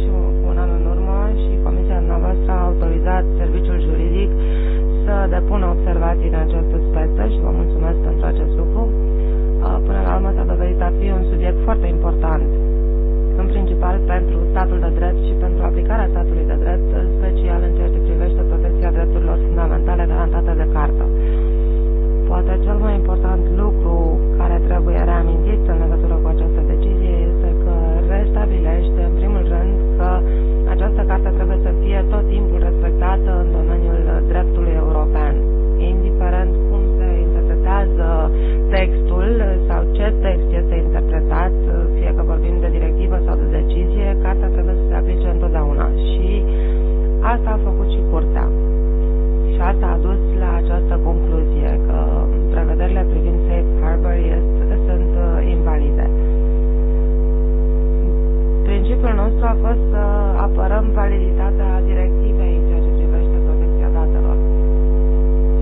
și deci, un an în urmă și Comisia noastră a autorizat serviciul juridic să depună observații în această speță și deci, vă mulțumesc pentru acest lucru. Până la urmă s-a dovedit a fi un subiect foarte important, în principal pentru statul de drept și pentru aplicarea statului de drept, în special în ceea ce privește protecția drepturilor fundamentale garantate de cartă. Poate cel mai important lucru care trebuie reamintit în legătură cu această decizie este că restabilește, în primul rând, această carte trebuie să fie tot timpul respectată în domeniul dreptului european, indiferent cum se interpretează textul sau ce text este interpretat, fie că vorbim de directivă sau de decizie, cartea trebuie să se aplice întotdeauna. Și asta a făcut și curtea. Și asta a dus la această concluzie. scopul nostru a fost să apărăm validitatea directivei în ceea ce privește protecția datelor.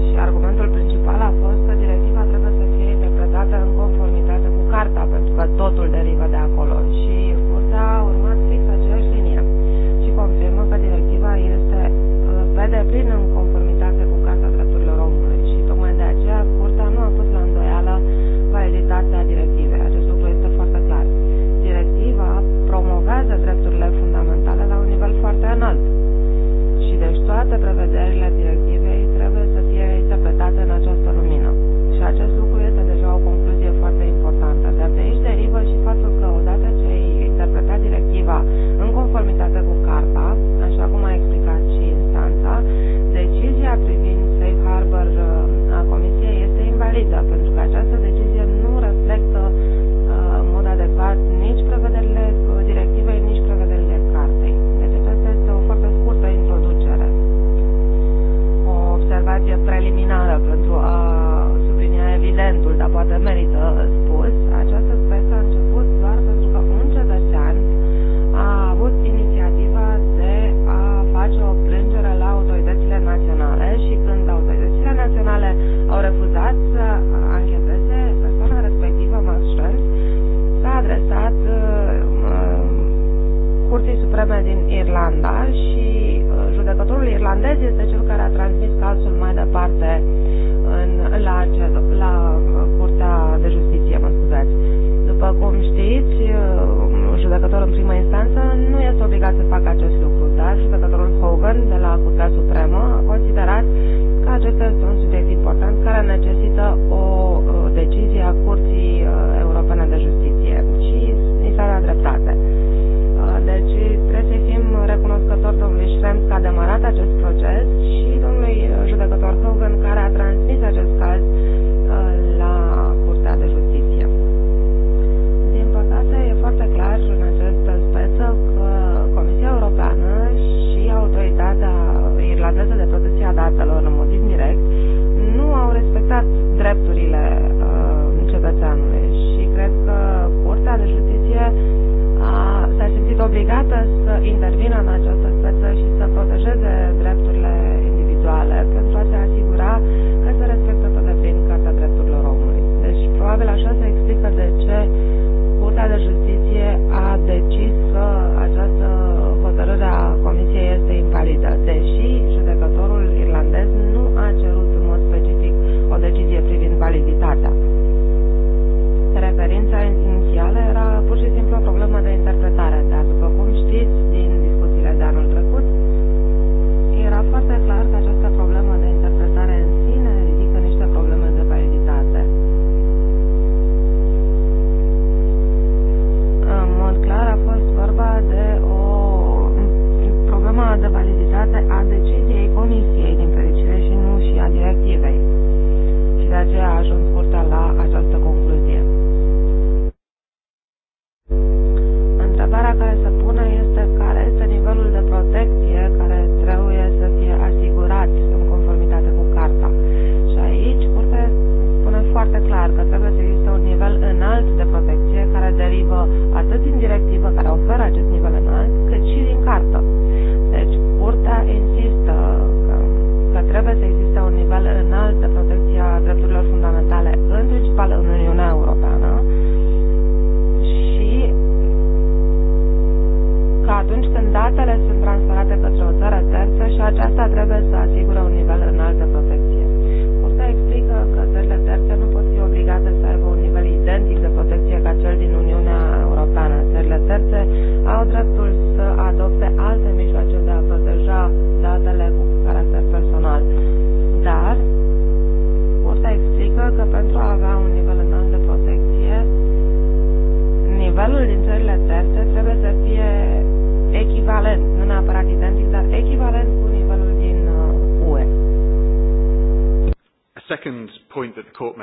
Și argumentul principal a fost că directiva trebuie să fie interpretată în conformitate cu carta, pentru că totul derivă de acolo. Și curtea a urmat fix aceeași linie și confirmă că directiva este uh, pe deplin în este un subiect important care necesită o decizie a Curții uh, Europene de Justiție și i s-a dat dreptate. Uh, deci trebuie să fim recunoscători domnului Schrems că a demarat acest proces și domnul că pentru a avea un nivel înalt de protecție, nivelul din țările terțe trebuie să fie echivalent, nu neapărat identic, dar echivalent cu nivelul din UE. Uh, a second point that the court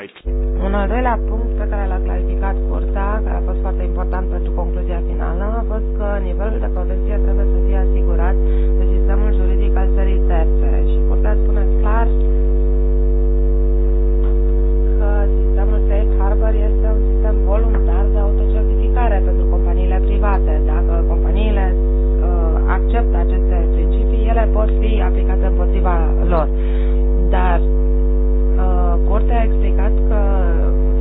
Un al doilea punct pe care l-a clarificat Curtea, care a fost foarte important pentru concluzia finală, a fost că nivelul de protecție trebuie să fie asigurat de sistemul juridic al țării terțe. Și Curtea spune într-adevăr este un sistem voluntar de autocertificare pentru companiile private. Dacă companiile uh, acceptă aceste principii, ele pot fi aplicate împotriva lor. Dar uh, Curtea a explicat că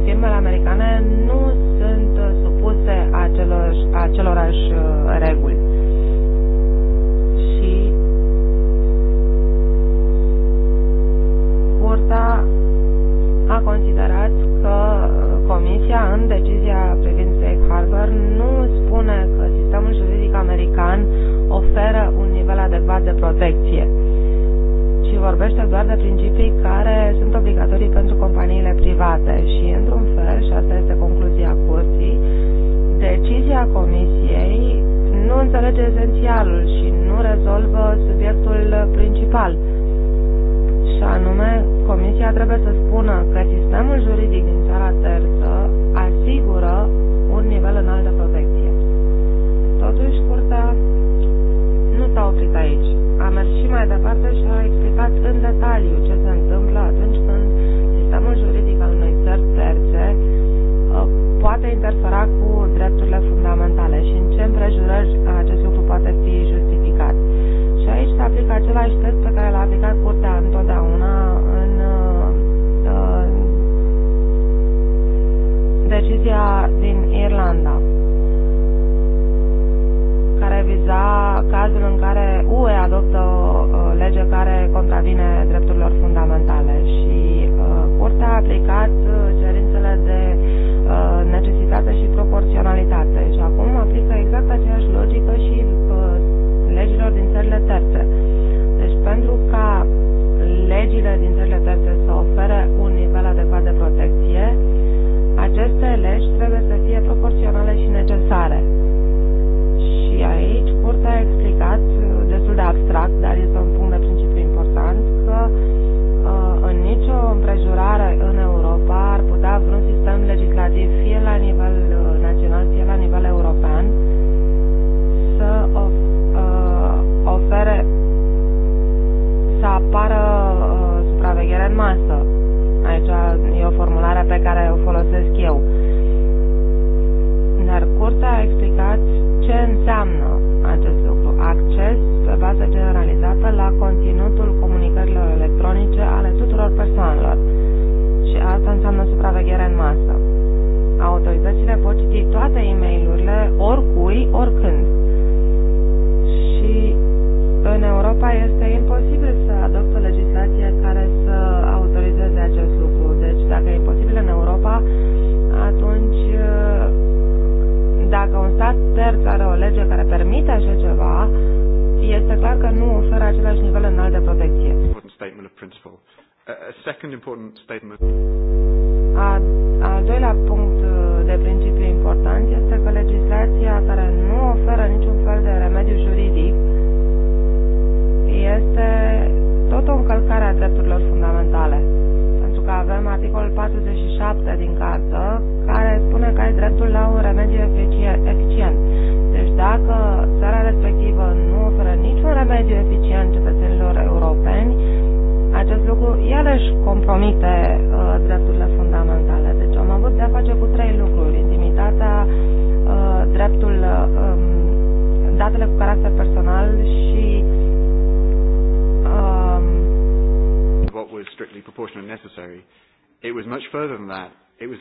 firmele americane nu sunt supuse acelor, acelorași uh, reguli. Și Curtea a considerat că Comisia, în decizia privind Safe Harbor, nu spune că sistemul juridic american oferă un nivel adecvat de protecție, ci vorbește doar de principii care sunt obligatorii pentru companiile private și, într-un fel, și asta este concluzia curții, decizia Comisiei nu înțelege esențialul și nu rezolvă subiectul principal, și anume, Comisia trebuie să spună că sistemul juridic din țara terță asigură un nivel înalt de protecție. Totuși, curtea nu s-a oprit aici. A mers și mai departe și a explicat în detaliu ce se întâmplă atunci când sistemul juridic al unei țări terțe uh, poate interfera cu drepturile fundamentale și în ce împrejurări acest lucru poate fi justificat. Și aici se aplică același test pe care l-a aplicat curtea întotdeauna decizia din Irlanda, care viza cazul în care UE adoptă o uh, lege care contravine drepturilor fundamentale și uh, Curtea a aplicat uh, cerințele de necesitate și proporționalitate și acum aplică exact aceeași logică și legilor din țările terțe. Deci pentru ca legile din țările înțelegi trebuie să fie proporționale și necesare. Și aici Curtea a explicat, uh, destul de abstract, dar este un punct de principiu important, că uh, în nicio împrejurare în Europa ar putea vreun sistem legislativ, fie la nivel uh, național, fie la nivel european, să ofere să apară supraveghere în masă. Aici e o formulare pe care o folosesc eu. Dar curtea a explicat ce înseamnă acest lucru, acces pe bază generalizată la conținutul comunicărilor electronice ale tuturor persoanelor. Și asta înseamnă supraveghere în masă. Autoritățile pot citi toate e mail oricui, oricând. Și în Europa este imposibil să adopte legislația. terț are o lege care permite așa ceva, este clar că nu oferă același nivel înalt de protecție. A, al doilea punct uh, de principiu important este că legislația care nu oferă niciun fel de remediu juridic este tot o încălcare a drepturilor fundamentale că avem articolul 47 din cartă, care spune că ai dreptul la un remediu eficient. Deci dacă țara respectivă nu oferă niciun remediu eficient cetățenilor europeni, acest lucru iarăși compromite uh, drepturile fundamentale. Deci am avut de-a face cu trei lucruri. Intimitatea, uh, dreptul, um, datele cu caracter personal și uh, strictly proportional and necessary. It was much further than that. It was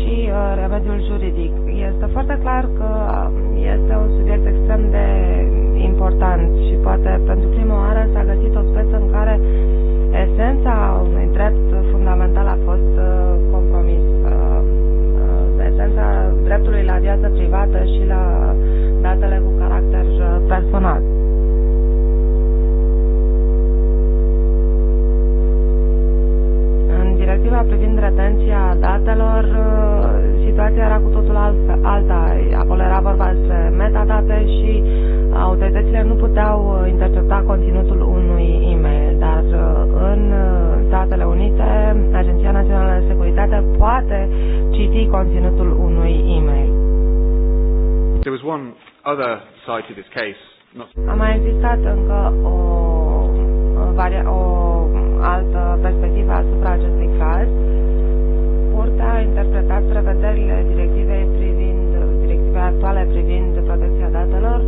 și uh, remediul juridic. Este foarte clar că um, este un subiect extrem de important și poate pentru prima oară s-a găsit o speță în care esența unui drept fundamental a fost uh, compromis. Uh, uh, esența dreptului la viață privată și la datele cu caracter personal. perspectiva privind retenția datelor, uh, situația era cu totul alta. Acolo era vorba despre metadate și autoritățile nu puteau uh, intercepta conținutul unui e-mail, dar uh, în Statele Unite, Agenția Națională de Securitate poate citi conținutul unui e-mail. There was one other side to this case. Not... A mai existat încă o, o, o altă perspectivă asupra acestui caz. Curtea a interpretat prevederile directivei privind, directivei actuale privind protecția datelor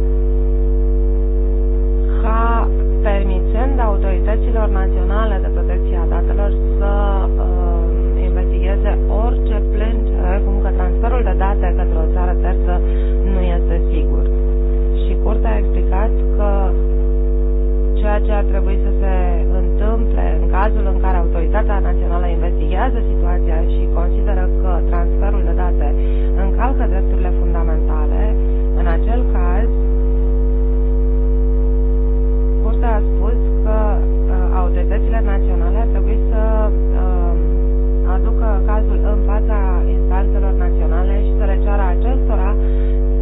ca permițând autorităților naționale de protecție a datelor să uh, investigheze orice plângere uh, cum că transferul de date către o țară terță nu este sigur. Și Curtea a explicat că ceea ce ar trebui să se întâmple în cazul în care Autoritatea Națională investigează situația și consideră că transferul de date încalcă drepturile fundamentale, în acel caz, Curtea a spus că uh, autoritățile naționale ar trebui să uh, aducă cazul în fața instanțelor naționale și să le ceară acestora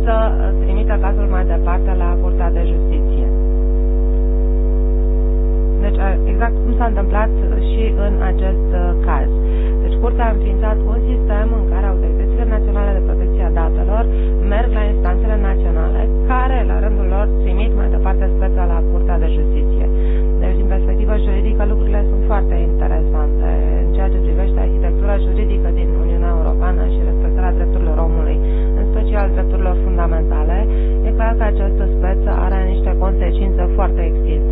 să trimită cazul mai departe la Curtea de Justiție. Deci, exact cum s-a întâmplat și în acest uh, caz. Deci, Curtea a înființat un sistem în care autoritățile naționale de protecție a datelor merg la instanțele naționale, care, la rândul lor, trimit mai departe speța la Curtea de Justiție. Deci, din perspectivă juridică, lucrurile sunt foarte interesante în ceea ce privește arhitectura juridică din Uniunea Europeană și respectarea drepturilor omului, în special drepturilor fundamentale, e clar că această speță are niște consecințe foarte extinse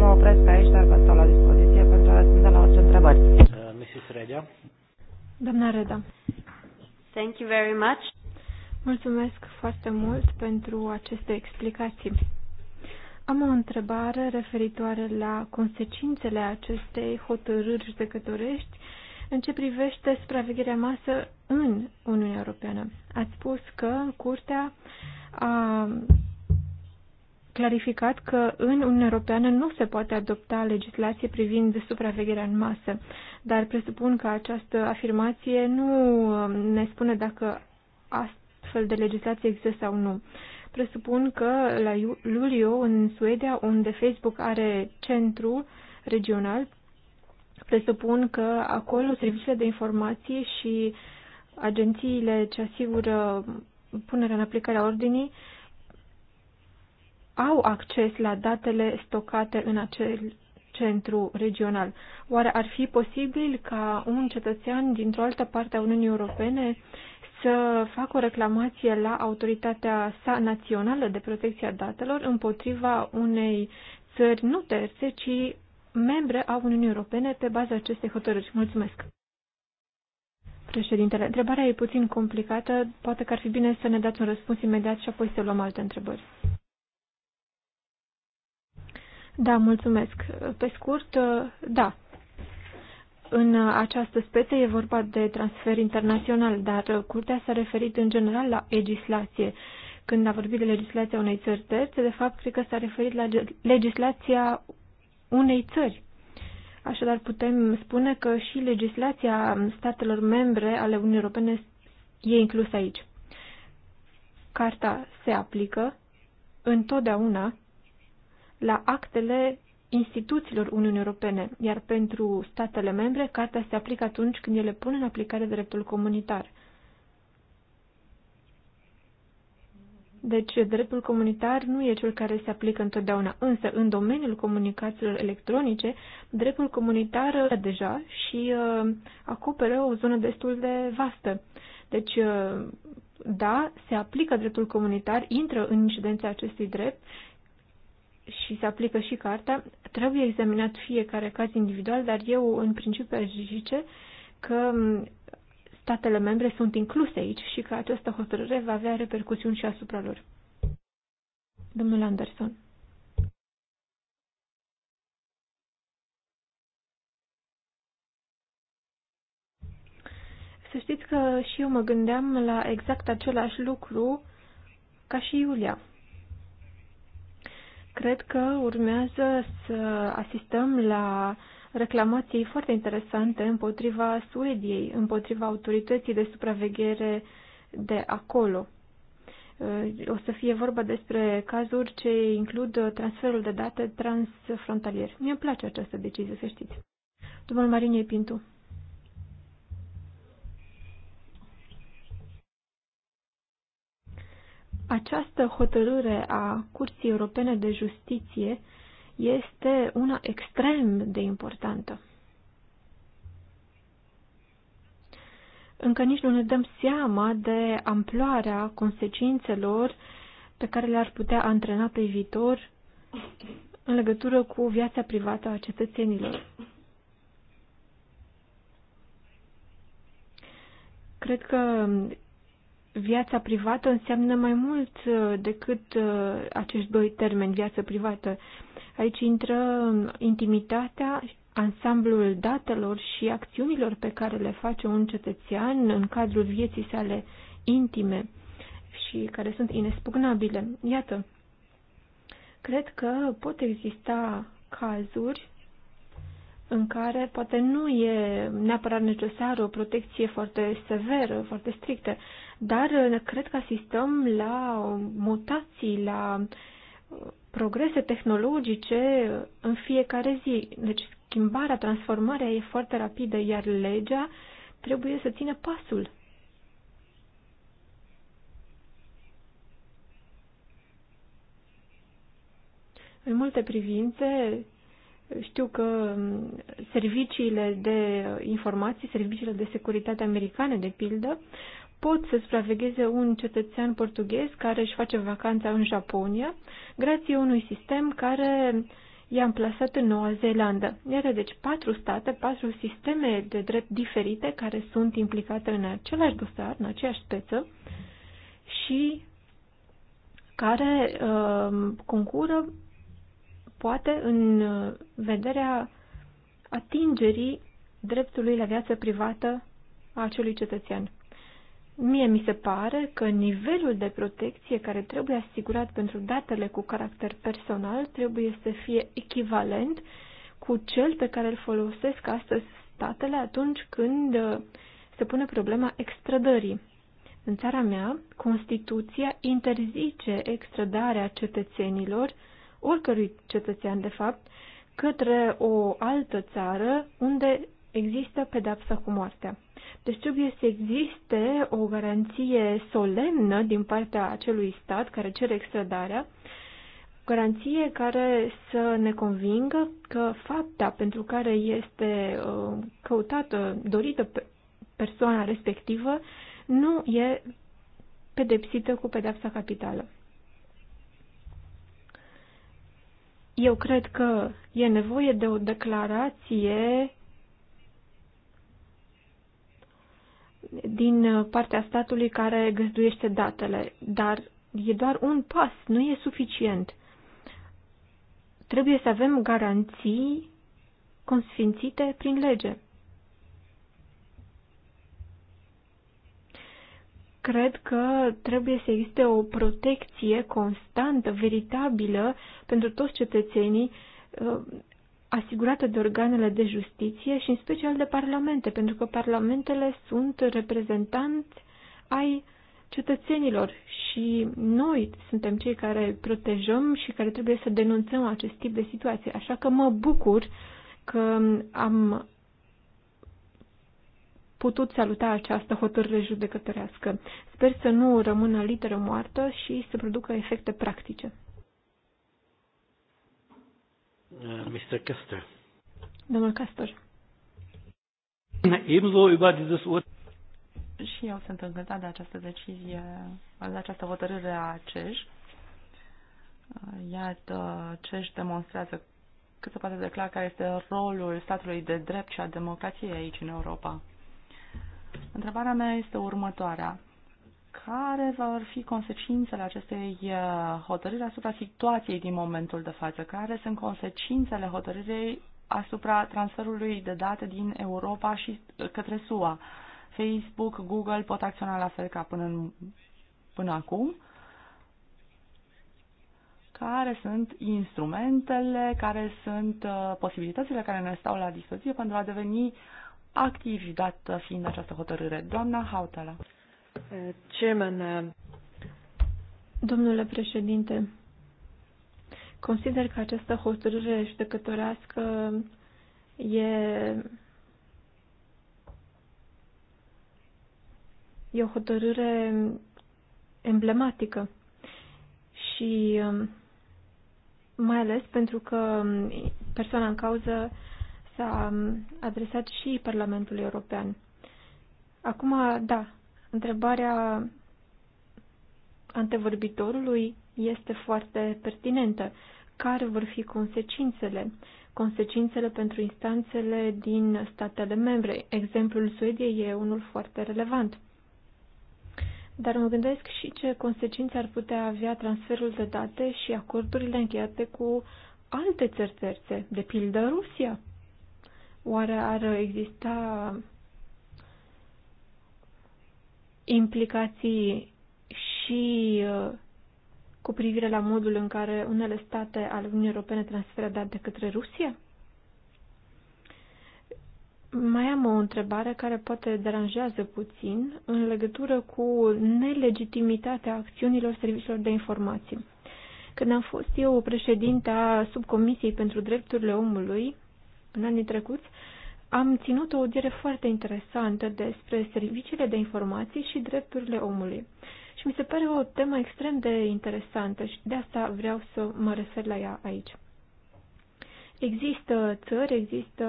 mă opresc aici, dar vă stau la dispoziție pentru a răspunde la orice întrebări. Uh, Mrs. Redia. Doamna Reda. Thank you very much. Mulțumesc foarte mult pentru aceste explicații. Am o întrebare referitoare la consecințele acestei hotărâri judecătorești în ce privește supravegherea masă în Uniunea Europeană. Ați spus că Curtea a clarificat că în Uniunea Europeană nu se poate adopta legislație privind supravegherea în masă, dar presupun că această afirmație nu um, ne spune dacă astfel de legislație există sau nu. Presupun că la Lulio, în Suedia, unde Facebook are centru regional, presupun că acolo serviciile de informație și agențiile ce asigură punerea în aplicare a ordinii uh, au acces la datele stocate în acel centru regional. Oare ar fi posibil ca un cetățean dintr-o altă parte a Uniunii Europene să facă o reclamație la autoritatea sa națională de protecție a datelor împotriva unei țări nu terțe, ci membre a Uniunii Europene pe baza acestei hotărâri. Mulțumesc! Președintele, întrebarea e puțin complicată, poate că ar fi bine să ne dați un răspuns imediat și apoi să luăm alte întrebări. Da, mulțumesc. Pe scurt, da. În această speță e vorba de transfer internațional, dar Curtea s-a referit în general la legislație. Când a vorbit de legislația unei țări terțe, de fapt, cred că s-a referit la legislația unei țări. Așadar, putem spune că și legislația statelor membre ale Uniunii Europene e inclusă aici. Carta se aplică întotdeauna la actele instituțiilor Uniunii Europene, iar pentru statele membre, cartea se aplică atunci când ele pun în aplicare dreptul comunitar. Deci, dreptul comunitar nu e cel care se aplică întotdeauna, însă în domeniul comunicațiilor electronice, dreptul comunitar uh, deja și uh, acoperă o zonă destul de vastă. Deci, uh, da, se aplică dreptul comunitar, intră în incidența acestui drept și se aplică și cartea, trebuie examinat fiecare caz individual, dar eu în principiu aș zice că statele membre sunt incluse aici și că această hotărâre va avea repercusiuni și asupra lor. Domnul Anderson. Să știți că și eu mă gândeam la exact același lucru ca și Iulia cred că urmează să asistăm la reclamații foarte interesante împotriva Suediei, împotriva autorității de supraveghere de acolo. O să fie vorba despre cazuri ce includ transferul de date transfrontalier. Mie îmi place această decizie, să știți. Domnul Marinie Pintu. Această hotărâre a Curții Europene de Justiție este una extrem de importantă. Încă nici nu ne dăm seama de amploarea consecințelor pe care le-ar putea antrena pe viitor în legătură cu viața privată a cetățenilor. Cred că viața privată înseamnă mai mult uh, decât uh, acești doi termeni, viață privată. Aici intră intimitatea, ansamblul datelor și acțiunilor pe care le face un cetățean în cadrul vieții sale intime și care sunt inespugnabile. Iată, cred că pot exista cazuri în care poate nu e neapărat necesară o protecție foarte severă, foarte strictă, dar uh, cred că asistăm la mutații, la uh, progrese tehnologice în fiecare zi. Deci schimbarea, transformarea e foarte rapidă, iar legea trebuie să țină pasul. În multe privințe, știu că mm, serviciile de informații, serviciile de securitate americane, de pildă, pot să supravegheze un cetățean portughez care își face vacanța în Japonia, grație unui sistem care i-a amplasat în Noua Zeelandă. Iată, deci, patru state, patru sisteme de drept diferite care sunt implicate în același dosar, în aceeași speță și care uh, concură poate în uh, vederea atingerii dreptului la viață privată a acelui cetățean. Mie mi se pare că nivelul de protecție care trebuie asigurat pentru datele cu caracter personal trebuie să fie echivalent cu cel pe care îl folosesc astăzi statele atunci când uh, se pune problema extrădării. În țara mea, Constituția interzice extrădarea cetățenilor oricărui cetățean, de fapt, către o altă țară unde există pedapsa cu moartea. Deci trebuie să existe o garanție solemnă din partea acelui stat care cere extradarea, garanție care să ne convingă că fapta pentru care este uh, căutată, dorită persoana respectivă, nu e pedepsită cu pedepsa capitală. Eu cred că e nevoie de o declarație din partea statului care găzduiește datele, dar e doar un pas, nu e suficient. Trebuie să avem garanții consfințite prin lege. cred că trebuie să existe o protecție constantă, veritabilă, pentru toți cetățenii, uh, asigurată de organele de justiție și în special de parlamente, pentru că parlamentele sunt reprezentanți ai cetățenilor și noi suntem cei care protejăm și care trebuie să denunțăm acest tip de situații. Așa că mă bucur că am putut saluta această hotărâre judecătorească. Sper să nu rămână literă moartă și să producă efecte practice. Uh, Mr. Kester. Domnul Castor. Ebenso über dieses Și eu sunt încântat de această decizie, de această hotărâre a CEJ. Uh, iată, CEJ demonstrează cât se poate declara care este rolul statului de drept și a democrației aici în Europa. Întrebarea mea este următoarea. Care vor fi consecințele acestei uh, hotărâri asupra situației din momentul de față? Care sunt consecințele hotărârii asupra transferului de date din Europa și uh, către SUA? Facebook, Google pot acționa la fel ca până, în, până acum? Care sunt instrumentele, care sunt uh, posibilitățile care ne stau la dispoziție pentru a deveni uh, activi, dată fiind această hotărâre. Doamna Hautala. Chairman, uh, Domnule președinte, consider că această hotărâre judecătorească e, e o hotărâre emblematică și um, mai ales pentru că um, persoana în cauză s-a um, adresat și Parlamentului European. Acum, da, întrebarea antevorbitorului este foarte pertinentă. Care vor fi consecințele? Consecințele pentru instanțele din statele membre. Exemplul Suediei e unul foarte relevant. Dar mă gândesc și ce consecințe ar putea avea transferul de date și acordurile încheiate cu alte țări terțe, de pildă Rusia. Oare ar exista implicații și uh, cu privire la modul în care unele state ale Uniunii Europene transferă date către Rusia? Mai am o întrebare care poate deranjează puțin în legătură cu nelegitimitatea acțiunilor serviciilor de informații. Când am fost eu președinta subcomisiei pentru drepturile omului, în anii trecuți, am ținut o audiere foarte interesantă despre serviciile de informații și drepturile omului. Și mi se pare o temă extrem de interesantă și de asta vreau să mă refer la ea aici. Există țări, există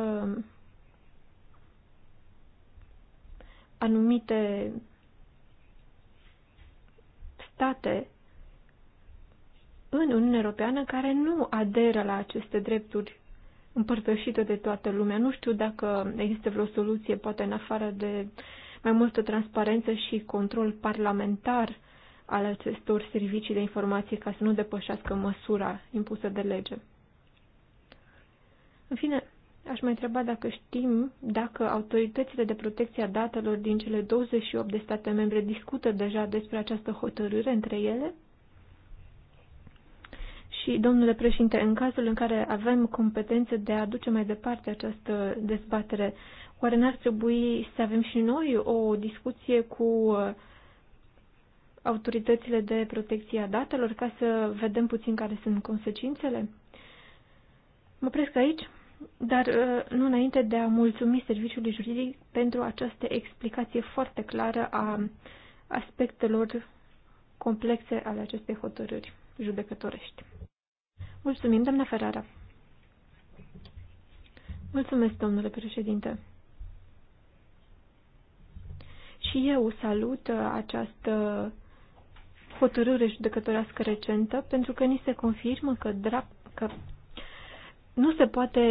anumite state în Uniunea Europeană care nu aderă la aceste drepturi împărtășită de toată lumea. Nu știu dacă există vreo soluție, poate în afară de mai multă transparență și control parlamentar al acestor servicii de informație ca să nu depășească măsura impusă de lege. În fine, aș mai întreba dacă știm dacă autoritățile de protecție a datelor din cele 28 de state membre discută deja despre această hotărâre între ele și, domnule președinte, în cazul în care avem competențe de a duce mai departe această dezbatere, oare n-ar trebui să avem și noi o discuție cu uh, autoritățile de protecție a datelor ca să vedem puțin care sunt consecințele? Mă opresc aici, dar uh, nu înainte de a mulțumi serviciului juridic pentru această explicație foarte clară a aspectelor complexe ale acestei hotărâri judecătorești. Mulțumim, doamna Ferrara. Mulțumesc, domnule președinte. Și eu salut uh, această hotărâre judecătorească recentă, pentru că ni se confirmă că, drap- că nu se poate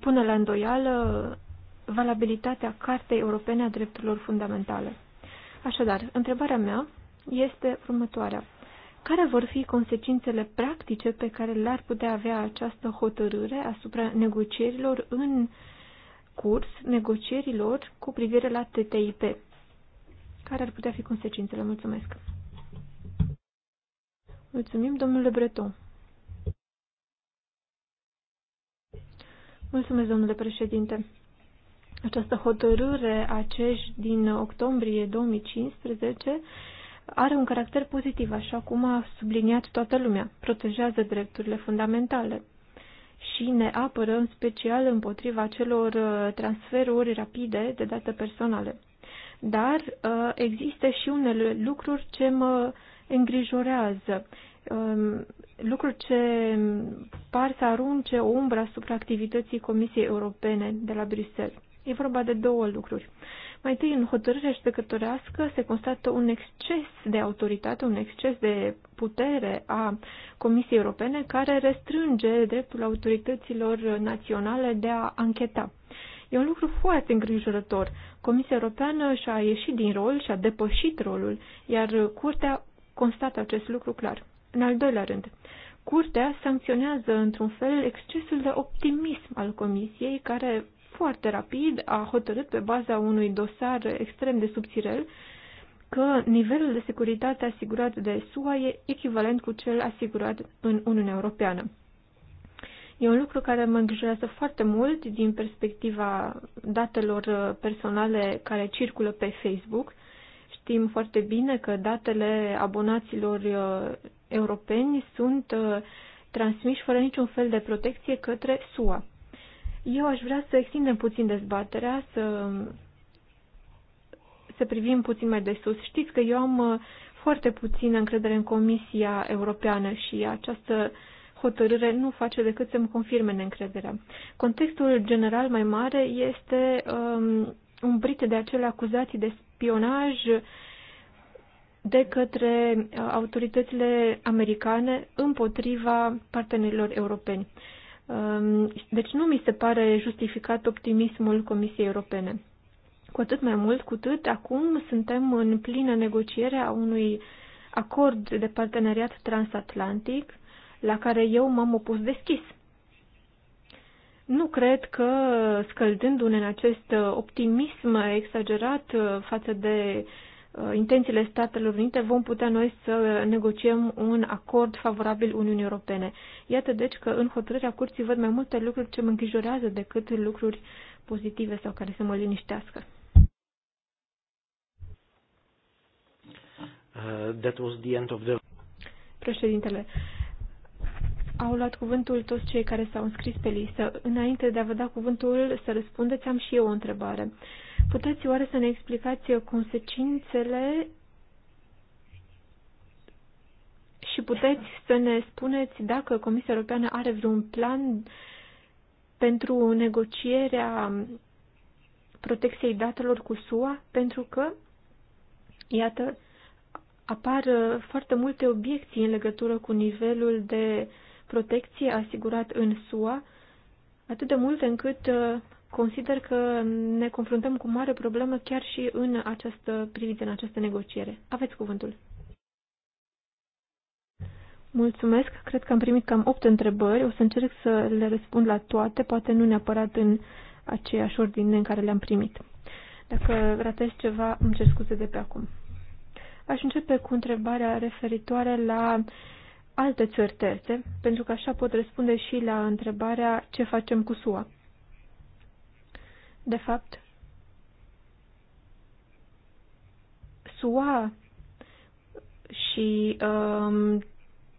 pune la îndoială valabilitatea Cartei Europene a Drepturilor Fundamentale. Așadar, întrebarea mea este următoarea care vor fi consecințele practice pe care le-ar putea avea această hotărâre asupra negocierilor în curs, negocierilor cu privire la TTIP. Care ar putea fi consecințele? Mulțumesc! Mulțumim, domnule Breton! Mulțumesc, domnule președinte! Această hotărâre acești din octombrie 2015 are un caracter pozitiv, așa cum a subliniat toată lumea. Protejează drepturile fundamentale și ne apără în special împotriva celor uh, transferuri rapide de date personale. Dar uh, există și unele lucruri ce mă îngrijorează, um, lucruri ce par să arunce o umbră asupra activității Comisiei Europene de la Bruxelles. E vorba de două lucruri. Mai întâi, în hotărârea judecătorească se constată un exces de autoritate, un exces de putere a Comisiei Europene care restrânge dreptul autorităților naționale de a ancheta. E un lucru foarte îngrijorător. Comisia Europeană și-a ieșit din rol și-a depășit rolul, iar Curtea constată acest lucru clar. În al doilea rând, Curtea sancționează într-un fel excesul de optimism al Comisiei care foarte rapid a hotărât pe baza unui dosar extrem de subțirel că nivelul de securitate asigurat de SUA e echivalent cu cel asigurat în Uniunea Europeană. E un lucru care mă îngrijorează foarte mult din perspectiva datelor personale care circulă pe Facebook. Știm foarte bine că datele abonaților uh, europeni sunt uh, transmiși fără niciun fel de protecție către SUA. Eu aș vrea să extindem puțin dezbaterea, să, să privim puțin mai de sus. Știți că eu am uh, foarte puțină încredere în Comisia Europeană și această hotărâre nu face decât să-mi confirme neîncrederea. Contextul general mai mare este um, umbrit de acele acuzații de spionaj de către uh, autoritățile americane împotriva partenerilor europeni. Uh, Um, deci nu mi se pare justificat optimismul Comisiei Europene. Cu atât mai mult cu atât acum suntem în plină negociere a unui acord de parteneriat transatlantic la care eu m-am opus deschis. Nu cred că, scăldându-ne în acest optimism exagerat uh, față de uh, Uh, intențiile Statelor Unite, vom putea noi să negociem un acord favorabil Uniunii Europene. Iată deci că în hotărârea curții văd mai multe lucruri ce mă îngrijorează decât lucruri pozitive sau care să mă liniștească. Uh, that was the end of the... Președintele, au luat cuvântul toți cei care s-au înscris pe listă. Înainte de a vă da cuvântul să răspundeți, am și eu o întrebare. Puteți oare să ne explicați consecințele și puteți să ne spuneți dacă Comisia Europeană are vreun plan pentru negocierea protecției datelor cu SUA, pentru că, iată, apar foarte multe obiecții în legătură cu nivelul de uh, protecție asigurat în SUA atât de mult încât uh, consider că ne confruntăm cu mare problemă chiar și în această privință, în această negociere. Aveți cuvântul. Mulțumesc. Cred că am primit cam 8 întrebări. O să încerc să le răspund la toate, poate nu neapărat în aceeași ordine în care le-am primit. Dacă ratez ceva, îmi cer scuze de pe acum. Aș începe cu întrebarea referitoare la uh, alte țări terțe, pentru că așa pot răspunde și la întrebarea ce facem cu SUA. De fapt, SUA și um,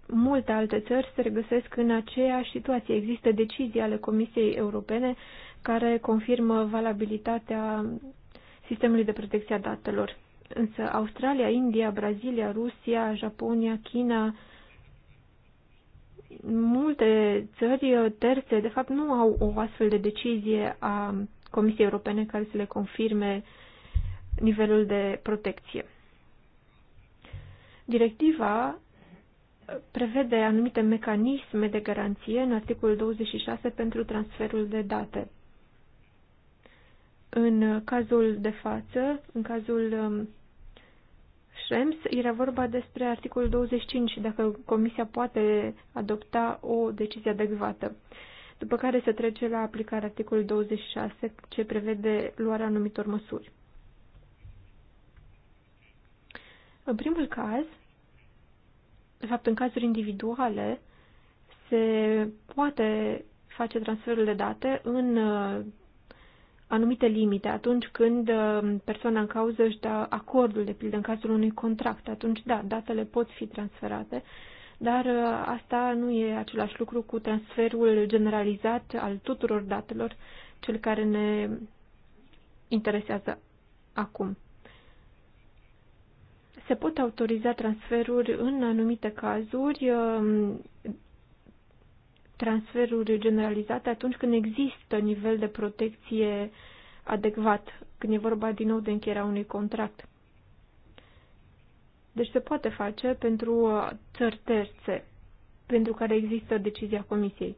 multe alte țări se regăsesc în aceeași situație. Există decizii ale Comisiei Europene care confirmă valabilitatea sistemului de protecție a datelor. Însă Australia, India, Brazilia, Rusia, Japonia, China, multe țări terțe, de fapt, nu au o astfel de decizie a Comisiei Europene care să le confirme nivelul de protecție. Directiva prevede anumite mecanisme de garanție în articolul 26 pentru transferul de date. În cazul de față, în cazul um, FEMS, era vorba despre articolul 25, dacă Comisia poate adopta o decizie adecvată. După care se trece la aplicarea articolului 26, ce prevede luarea anumitor măsuri. În primul caz, de fapt în cazuri individuale, se poate face transferul de date în uh, anumite limite atunci când uh, persoana în cauză își dă acordul, de pildă în cazul unui contract, atunci da, datele pot fi transferate, dar uh, asta nu e același lucru cu transferul generalizat al tuturor datelor, cel care ne interesează acum. Se pot autoriza transferuri în anumite cazuri uh, transferuri generalizate atunci când există nivel de protecție adecvat, când e vorba din nou de încheierea unui contract. Deci se poate face pentru uh, țări terțe, pentru care există decizia Comisiei.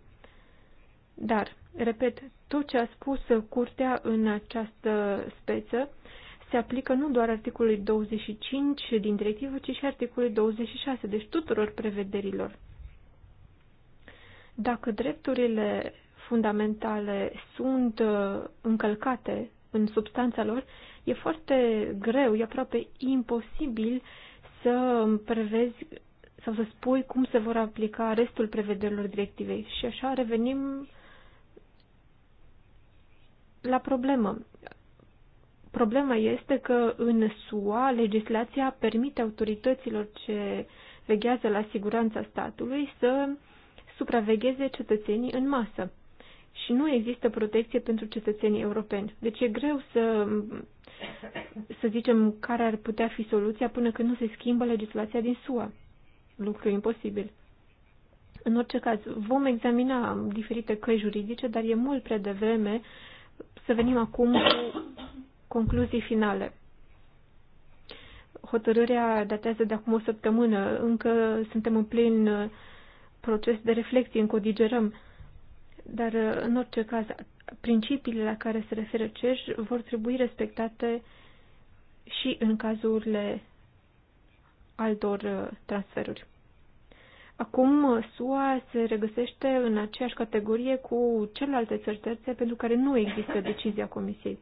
Dar, repet, tot ce a spus Curtea în această speță se aplică nu doar articolului 25 din directivă, ci și articolului 26, deci tuturor prevederilor. Dacă drepturile fundamentale sunt uh, încălcate în substanța lor, e foarte greu, e aproape imposibil să prevezi sau să spui cum se vor aplica restul prevederilor directivei. Și așa revenim la problemă. Problema este că în SUA legislația permite autorităților ce veghează la siguranța statului să uh, supravegheze cetățenii în masă. Și nu există protecție pentru cetățenii europeni. Deci e greu să, să zicem care ar putea fi soluția până când nu se schimbă legislația din SUA. Lucru imposibil. În orice caz, vom examina diferite căi juridice, dar e mult prea devreme să venim acum cu concluzii finale. Hotărârea datează de acum o săptămână, încă suntem în plin proces de reflexie, încă o digerăm. Dar, în orice caz, principiile la care se referă CEJ vor trebui respectate și în cazurile altor uh, transferuri. Acum, SUA se regăsește în aceeași categorie cu celelalte țări terțe pentru care nu există decizia Comisiei.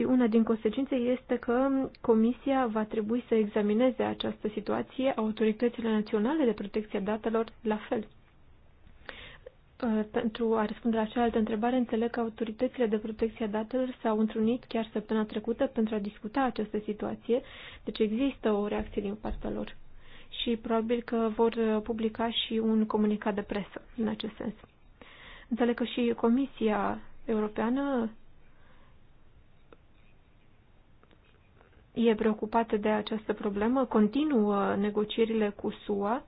Și una din consecințe este că Comisia va trebui să examineze această situație, autoritățile naționale de protecție a datelor la fel. Uh, pentru a răspunde la cealaltă întrebare, înțeleg că autoritățile de protecție a datelor s-au întrunit chiar săptămâna trecută pentru a discuta această situație, deci există o reacție din partea lor și probabil că vor uh, publica și un comunicat de presă în acest sens. Înțeleg că și Comisia Europeană e preocupată de această problemă, continuă negocierile cu SUA,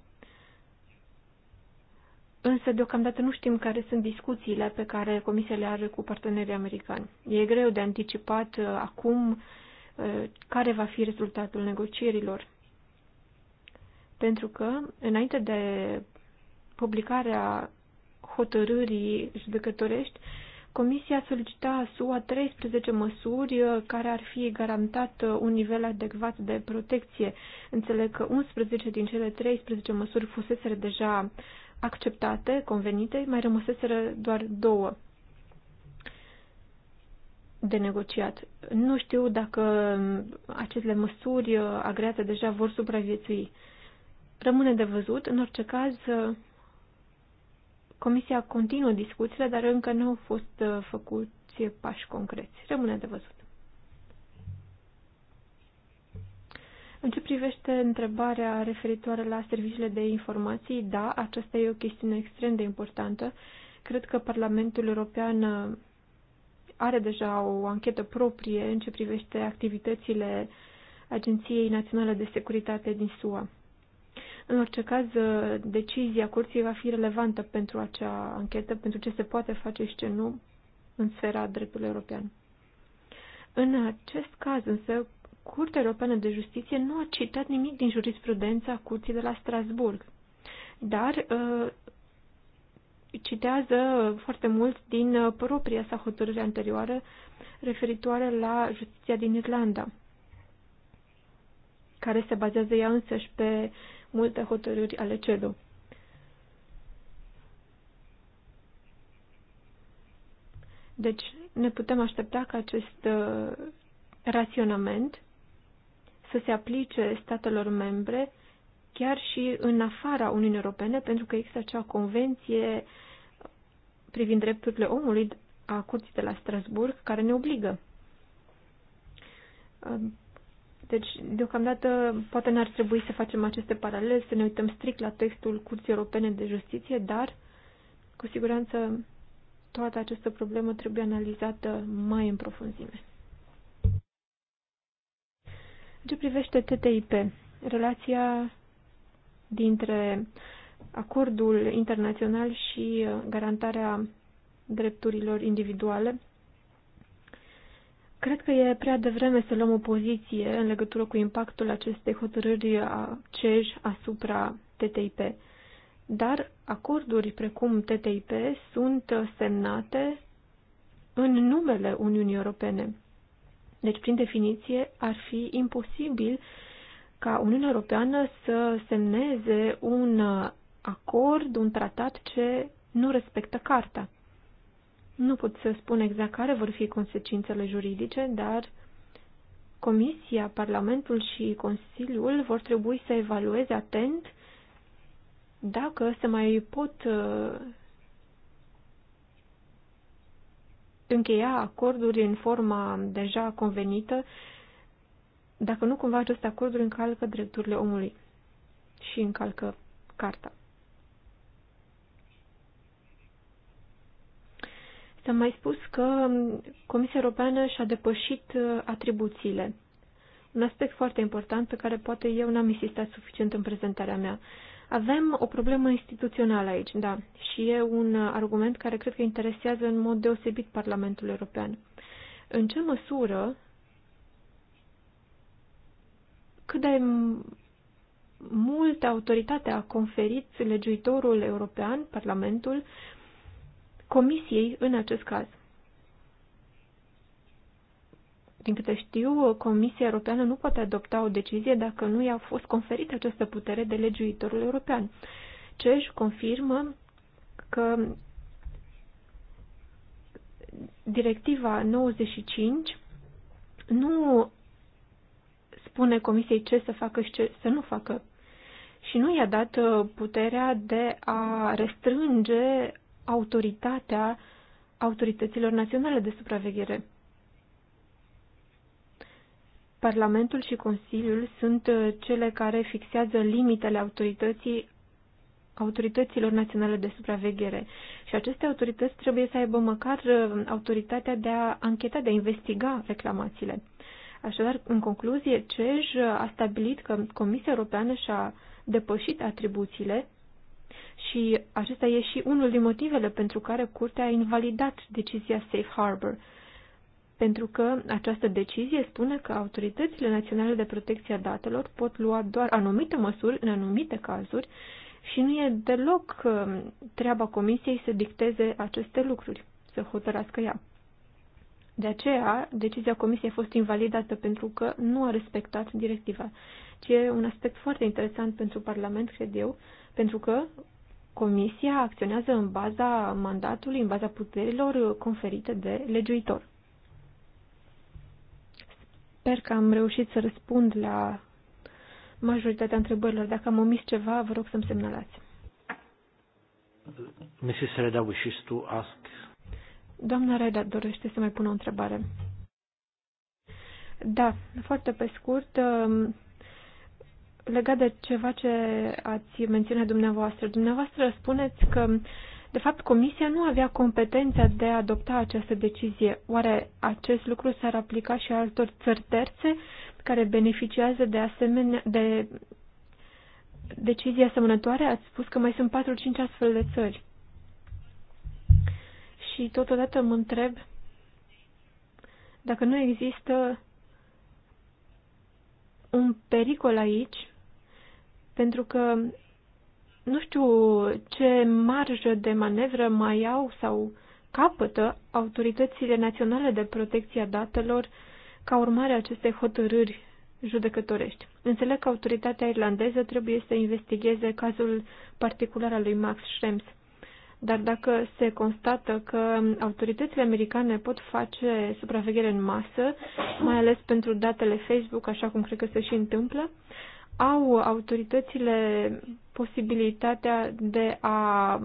însă deocamdată nu știm care sunt discuțiile pe care Comisia le are cu partenerii americani. E greu de anticipat uh, acum uh, care va fi rezultatul negocierilor. Pentru că, înainte de publicarea hotărârii judecătorești, Comisia solicita SUA 13 măsuri uh, care ar fi garantat uh, un nivel adecvat de protecție. Înțeleg că 11 din cele 13 măsuri fuseseră deja acceptate, convenite, mai rămăseseră doar două de negociat. Nu știu dacă um, aceste măsuri uh, agreate deja vor supraviețui. Rămâne de văzut, în orice caz, Comisia continuă discuțiile, dar încă nu au fost uh, făcuți pași concreți. Rămâne de văzut. În ce privește întrebarea referitoare la serviciile de informații, da, aceasta e o chestiune extrem de importantă. Cred că Parlamentul European uh, are deja o anchetă proprie în ce privește activitățile Agenției Naționale de Securitate din SUA. În orice caz, uh, decizia curții va fi relevantă pentru acea anchetă, pentru ce se poate face și ce nu în sfera dreptului european. În acest caz, însă, Curtea Europeană de Justiție nu a citat nimic din jurisprudența Curții de la Strasburg, dar uh, citează foarte mult din uh, propria sa hotărâre anterioară referitoare la justiția din Irlanda, care se bazează ea însăși pe uh, multe hotărâri ale CEDO. Deci ne putem aștepta ca acest uh, raționament să se aplice statelor membre chiar și în afara Uniunii Europene, pentru că există acea convenție privind drepturile omului a Curții de la Strasburg care ne obligă. Uh, deci, deocamdată, poate n-ar trebui să facem aceste paralele, să ne uităm strict la textul Curții Europene de Justiție, dar, cu siguranță, toată această problemă trebuie analizată mai în profunzime. Ce privește TTIP, relația dintre acordul internațional și uh, garantarea drepturilor individuale, Cred că e prea devreme să luăm o poziție în legătură cu impactul acestei hotărâri a CEJ asupra TTIP. Dar acorduri precum TTIP sunt semnate în numele Uniunii Europene. Deci, prin definiție, ar fi imposibil ca Uniunea Europeană să semneze un acord, un tratat ce nu respectă carta. Nu pot să spun exact care vor fi consecințele juridice, dar Comisia, Parlamentul și Consiliul vor trebui să evalueze atent dacă se mai pot uh, încheia acorduri în forma deja convenită, dacă nu cumva aceste acorduri încalcă drepturile omului și încalcă carta. S-a mai spus că Comisia Europeană și-a depășit uh, atribuțiile. Un aspect foarte important pe care poate eu n-am insistat suficient în prezentarea mea. Avem o problemă instituțională aici, da, și e un uh, argument care cred că interesează în mod deosebit Parlamentul European. În ce măsură, cât de multă autoritate a conferit legiuitorul european, Parlamentul, uh, Comisiei în acest caz. Din câte știu, Comisia Europeană nu poate adopta o decizie dacă nu i-a fost conferită această putere de legiuitorul european, ce își confirmă că directiva 95 nu spune Comisiei ce să facă și ce să nu facă. Și nu i-a dat puterea de a restrânge autoritatea autorităților naționale de supraveghere. Parlamentul și Consiliul sunt uh, cele care fixează limitele autorității autorităților naționale de supraveghere și aceste autorități trebuie să aibă măcar uh, autoritatea de a ancheta, de a investiga reclamațiile. Așadar, în concluzie, CEJ a stabilit că Comisia Europeană și-a depășit atribuțiile și acesta e și unul din motivele pentru care curtea a invalidat decizia Safe Harbor, pentru că această decizie spune că autoritățile naționale de protecție a datelor pot lua doar anumite măsuri în anumite cazuri și nu e deloc um, treaba comisiei să dicteze aceste lucruri, să hotărască ea. De aceea, decizia comisiei a fost invalidată pentru că nu a respectat directiva, ce e un aspect foarte interesant pentru Parlament, cred eu, pentru că Comisia acționează în baza mandatului, în baza puterilor conferite de legiuitor. Sper că am reușit să răspund la majoritatea întrebărilor. Dacă am omis ceva, vă rog să-mi semnalați. Mrs. Reda wishes to ask. Doamna Reda dorește să mai pună o întrebare. Da, foarte pe scurt, um, legat de ceva ce ați menționat dumneavoastră. Dumneavoastră spuneți că, de fapt, Comisia nu avea competența de a adopta această decizie. Oare acest lucru s-ar aplica și altor țări terțe care beneficiază de asemenea de decizii asemănătoare? Ați spus că mai sunt 4-5 astfel de țări. Și totodată mă întreb dacă nu există un pericol aici pentru că nu știu ce marjă de manevră mai au sau capătă autoritățile naționale de protecție a datelor ca urmare a acestei hotărâri judecătorești. Înțeleg că autoritatea irlandeză trebuie să investigheze cazul particular al lui Max Schrems. Dar dacă se constată că autoritățile americane pot face supraveghere în masă, mai ales pentru datele Facebook, așa cum cred că se și întâmplă, au autoritățile posibilitatea de a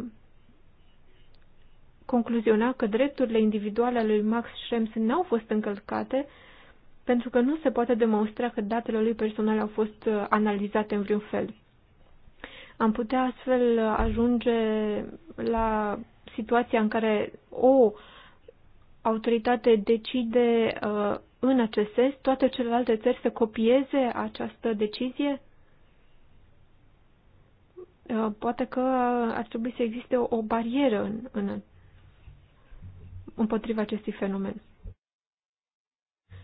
concluziona că drepturile individuale ale lui Max Schrems nu au fost încălcate pentru că nu se poate demonstra că datele lui personale au fost uh, analizate în vreun fel. Am putea astfel ajunge la situația în care o autoritate decide uh, în acest sens, toate celelalte țări să copieze această decizie? Uh, poate că ar trebui să existe o, o barieră în, în, împotriva acestui fenomen.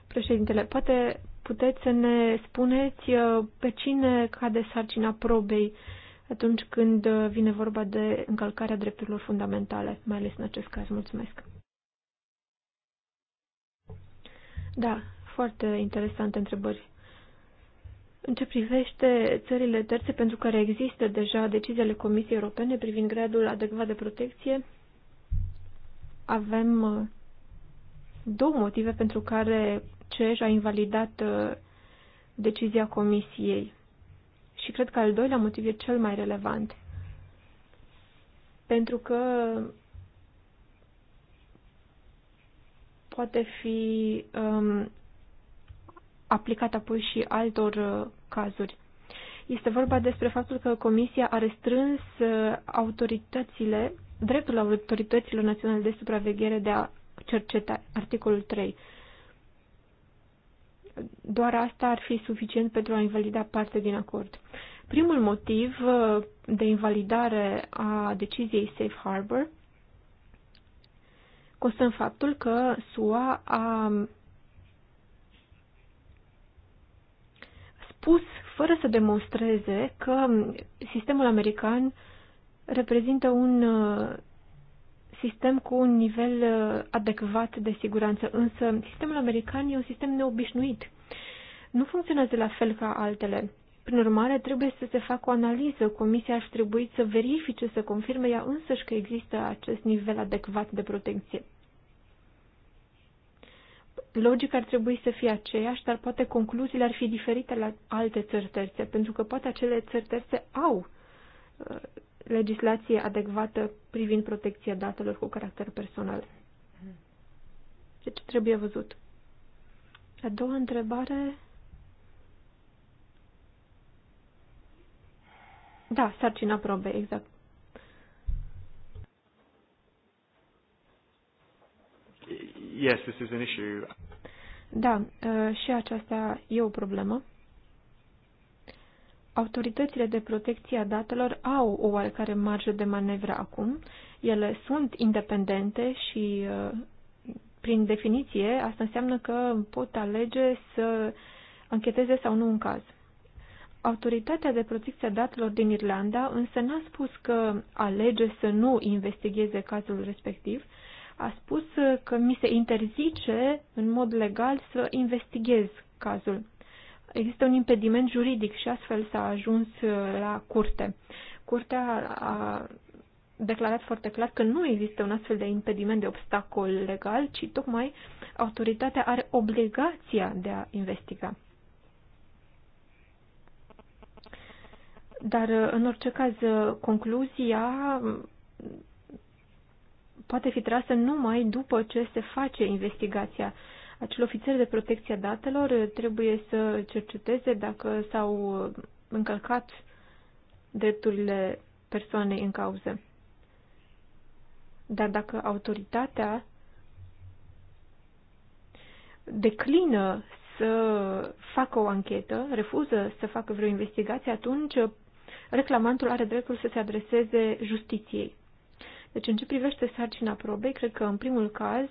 Președintele, poate puteți să ne spuneți uh, pe cine cade sarcina probei atunci când uh, vine vorba de încălcarea drepturilor fundamentale, mai ales în acest caz. Mulțumesc! Da, foarte interesante întrebări. În ce privește țările terțe pentru care există deja deciziile Comisiei Europene privind gradul adecvat de protecție, avem uh, două motive pentru care CEJ a invalidat uh, decizia Comisiei. Și cred că al doilea motiv e cel mai relevant. Pentru că poate fi um, aplicat apoi și altor uh, cazuri. Este vorba despre faptul că Comisia a restrâns uh, autoritățile, dreptul autorităților naționale de supraveghere de a cerceta, articolul 3. Doar asta ar fi suficient pentru a invalida parte din acord. Primul motiv uh, de invalidare a deciziei Safe Harbor constă în faptul că SUA a spus, fără să demonstreze, că sistemul american reprezintă un uh, sistem cu un nivel uh, adecvat de siguranță, însă sistemul american e un sistem neobișnuit. Nu funcționează la fel ca altele. Prin urmare, trebuie să se facă o analiză. Comisia ar trebui să verifice, să confirme ea însăși că există acest nivel adecvat de protecție. Logica ar trebui să fie aceeași, dar poate concluziile ar fi diferite la alte țări terțe, pentru că poate acele țări terțe au uh, legislație adecvată privind protecția datelor cu caracter personal. Deci trebuie văzut. A doua întrebare Da, sarcina probe exact. Yes, this is an issue. Da, uh, și aceasta e o problemă. Autoritățile de protecție a datelor au o oarecare marjă de manevră acum. Ele sunt independente și, uh, prin definiție, asta înseamnă că pot alege să ancheteze sau nu un caz. Autoritatea de protecție a datelor din Irlanda însă n-a spus că alege să nu investigheze cazul respectiv, a spus că mi se interzice în mod legal să investighez cazul. Există un impediment juridic și astfel s-a ajuns uh, la curte. Curtea a declarat foarte clar că nu există un astfel de impediment de obstacol legal, ci tocmai autoritatea are obligația de a investiga. Dar, în orice caz, concluzia poate fi trasă numai după ce se face investigația. Acel ofițer de protecție a datelor trebuie să cerceteze dacă s-au încălcat drepturile persoanei în cauză. Dar dacă autoritatea declină să facă o anchetă, refuză să facă vreo investigație, atunci reclamantul are dreptul să se adreseze justiției. Deci, în ce privește sarcina probei, cred că în primul caz,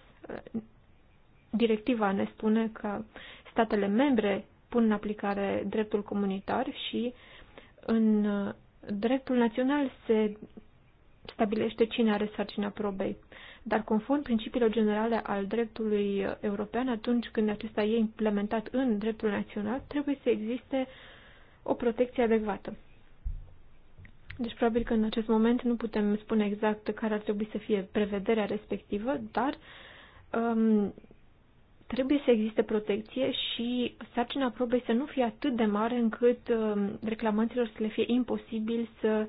directiva ne spune că statele membre pun în aplicare dreptul comunitar și în dreptul național se stabilește cine are sarcina probei. Dar conform principiilor generale al dreptului european, atunci când acesta e implementat în dreptul național, trebuie să existe o protecție adecvată. Deci probabil că în acest moment nu putem spune exact care ar trebui să fie prevederea respectivă, dar um, trebuie să existe protecție și sarcina probei să nu fie atât de mare încât um, reclamanților să le fie imposibil să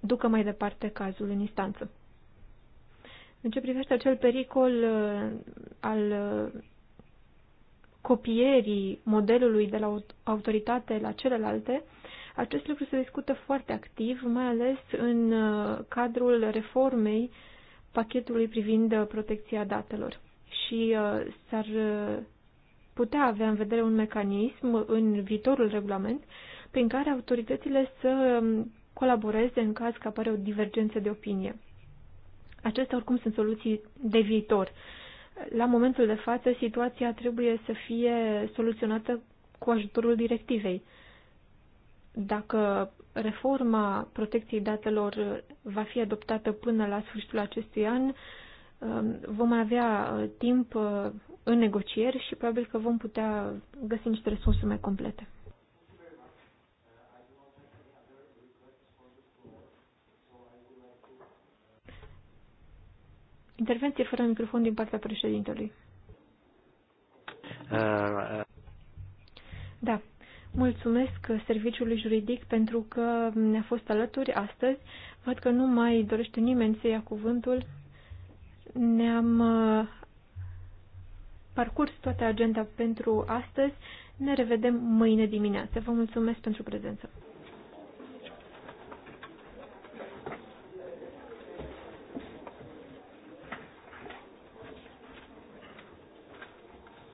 ducă mai departe cazul în instanță. În ce privește acel pericol uh, al uh, copierii modelului de la o autoritate la celelalte, acest lucru se discută foarte activ, mai ales în uh, cadrul reformei pachetului privind uh, protecția datelor. Și uh, s-ar putea avea în vedere un mecanism în viitorul regulament prin care autoritățile să um, colaboreze în caz că apare o divergență de opinie. Acestea oricum sunt soluții de viitor. La momentul de față, situația trebuie să fie soluționată cu ajutorul directivei. Dacă reforma protecției datelor va fi adoptată până la sfârșitul acestui an, um, vom avea uh, timp uh, în negocieri și probabil că vom putea găsi niște răspunsuri mai complete. Intervenție fără microfon din partea președintelui. Uh, da, Mulțumesc serviciului juridic pentru că ne-a fost alături astăzi. Văd că nu mai dorește nimeni să ia cuvântul. Ne-am uh, parcurs toată agenda pentru astăzi. Ne revedem mâine dimineață. Vă mulțumesc pentru prezență.